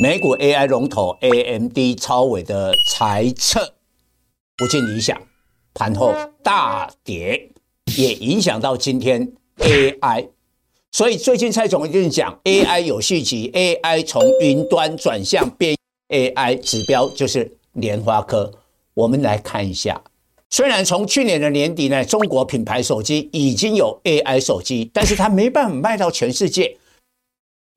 美股 AI 龍頭 AMD 超微的財測不盡理想，盤後大跌，也影響到今天 AI。所以最近蔡總講 AI 有續集，AI 從雲端轉向邊緣 AI 指標就是聯發科。我們來看一下，雖然從去年的年底呢，中國品牌手機已經有 AI 手機，但是它沒辦法賣到全世界。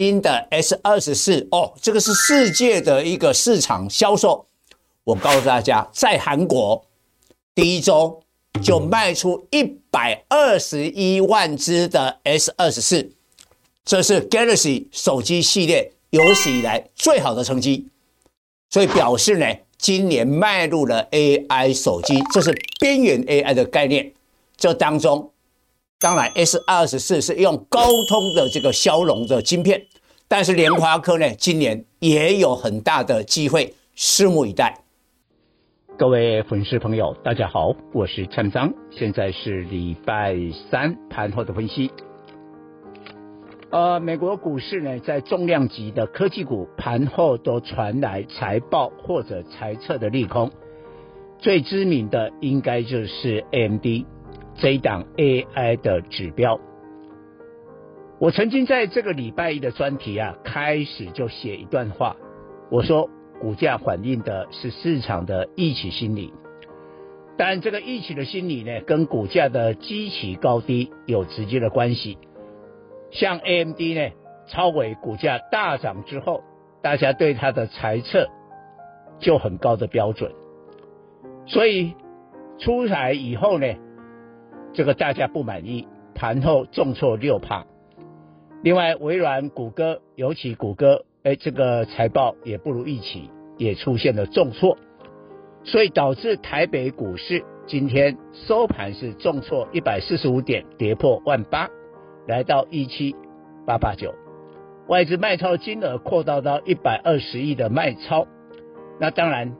新的 S 二十四哦，這個是世界的一個市場銷售。我告訴大家，在韓國第一周就賣出一百二十一萬隻的 S 二十四，這是 Galaxy 手機系列有史以來最好的成績。所以表示呢，今年邁入了 AI 手機，這是邊緣 AI 的概念，這當中。當然，S 二十四是用高通的這個驍龍的晶片，但是聯發科呢，今年也有很大的機會，拭目以待。各位粉絲朋友，大家好，我是蔡明彰，現在是禮拜三盤後的分析。呃，美國股市呢，在重量級的科技股盤後都傳來財報或者財測的利空，最知名的應該就是 AMD。這一檔 AI 的指標，我曾經在這個禮拜一的專題啊，開始就寫一段話。我說，股價反映的是市場的預期心理，但這個預期的心理呢，跟股價的基期高低有直接的關係。像 AMD 呢，超微股價大漲之後，大家對它的猜測就很高的標準，所以出臺以後呢。這個大家不滿意，盤後重挫六趴。另外，微軟、谷歌，尤其谷歌，哎、欸，這個財報也不如預期，也出現了重挫。所以導致台北股市今天收盤是重挫一百四十五點，跌破萬八，來到一七八八九。外資賣超金額擴大到一百二十億的賣超。那當然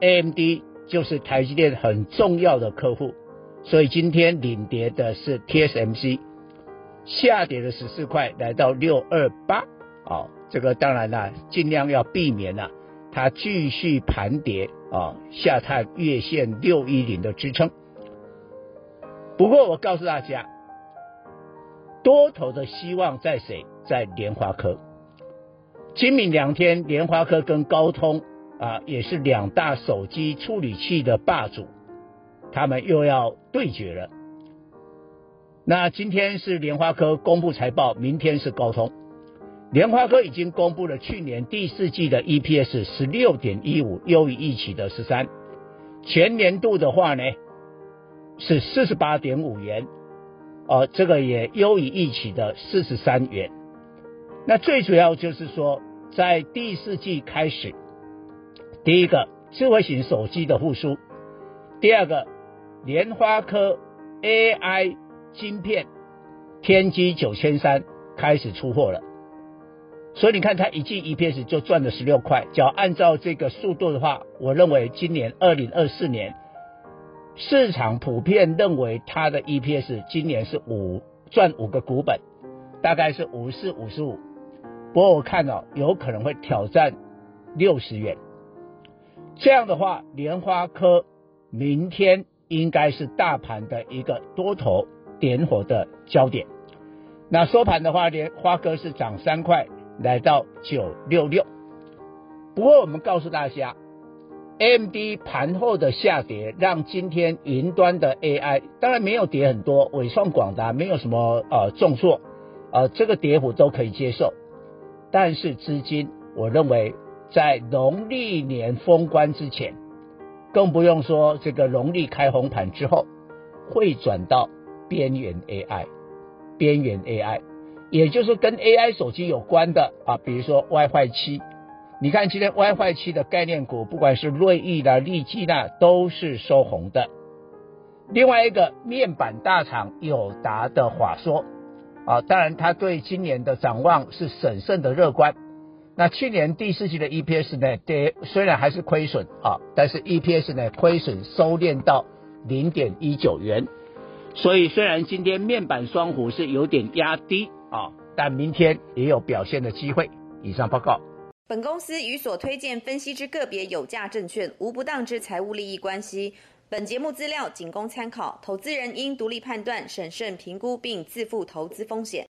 ，AMD 就是台積電很重要的客戶。所以今天領跌的是 TSMC，下跌了十四塊，來到六二八。啊，這個當然啦、啊，盡量要避免呢、啊，它繼續盤跌啊，下探月線六一零的支撐。不過我告訴大家，多頭的希望在誰？在聯發科。今明兩天，聯發科跟高通啊，也是兩大手機處理器的霸主。他們又要對決了。那今天是聯發科公布財報，明天是高通。聯發科已經公布了去年第四季的 EPS 十六點一五，優於預期的十三。全年度的話呢，是四十八點五元，哦、呃、這個也優於預期的四十三元。那最主要就是說，在第四季開始，第一個智慧型手機的復甦，第二個。聯發科 AI 芯片天璣九千三開始出貨了，所以你看它一季 EPS 就賺了十六塊。只要按照這個速度的話，我認為今年二零二四年市場普遍認為它的 EPS 今年是五賺五個股本，大概是五十四、五十五。不過我看到、喔、有可能會挑戰六十元。這樣的話，聯發科明天。應該是大盤的一個多頭點火的焦點。那收盤的話呢，聯發科是漲三塊，來到九六六。不過我們告訴大家，AMD 盤後的下跌，讓今天雲端的 A I 當然沒有跌很多，緯創、廣達沒有什麼呃重挫，呃這個跌幅都可以接受。但是資金，我認為在農曆年封關之前更不用說這個容力開紅盤之後，會轉到邊緣 AI，邊緣 AI，也就是跟 AI 手機有關的啊，比如說 WiFi 七，你看今天 WiFi 七的概念股，不管是瑞昱的、立積的，都是收紅的。另外一個面板大廠友達的話說，啊，當然他對今年的展望是審慎的樂觀。那去年第四季的 EPS 呢，雖然還是虧損啊、哦，但是 EPS 呢虧損收斂到零點一九元，所以雖然今天面板雙虎是有點壓低啊、哦，但明天也有表現的機會。以上報告。本公司與所推薦分析之個別有價證券無不當之財務利益關係，本節目資料僅供參考，投資人應獨立判斷、審慎評估並自負投資風險。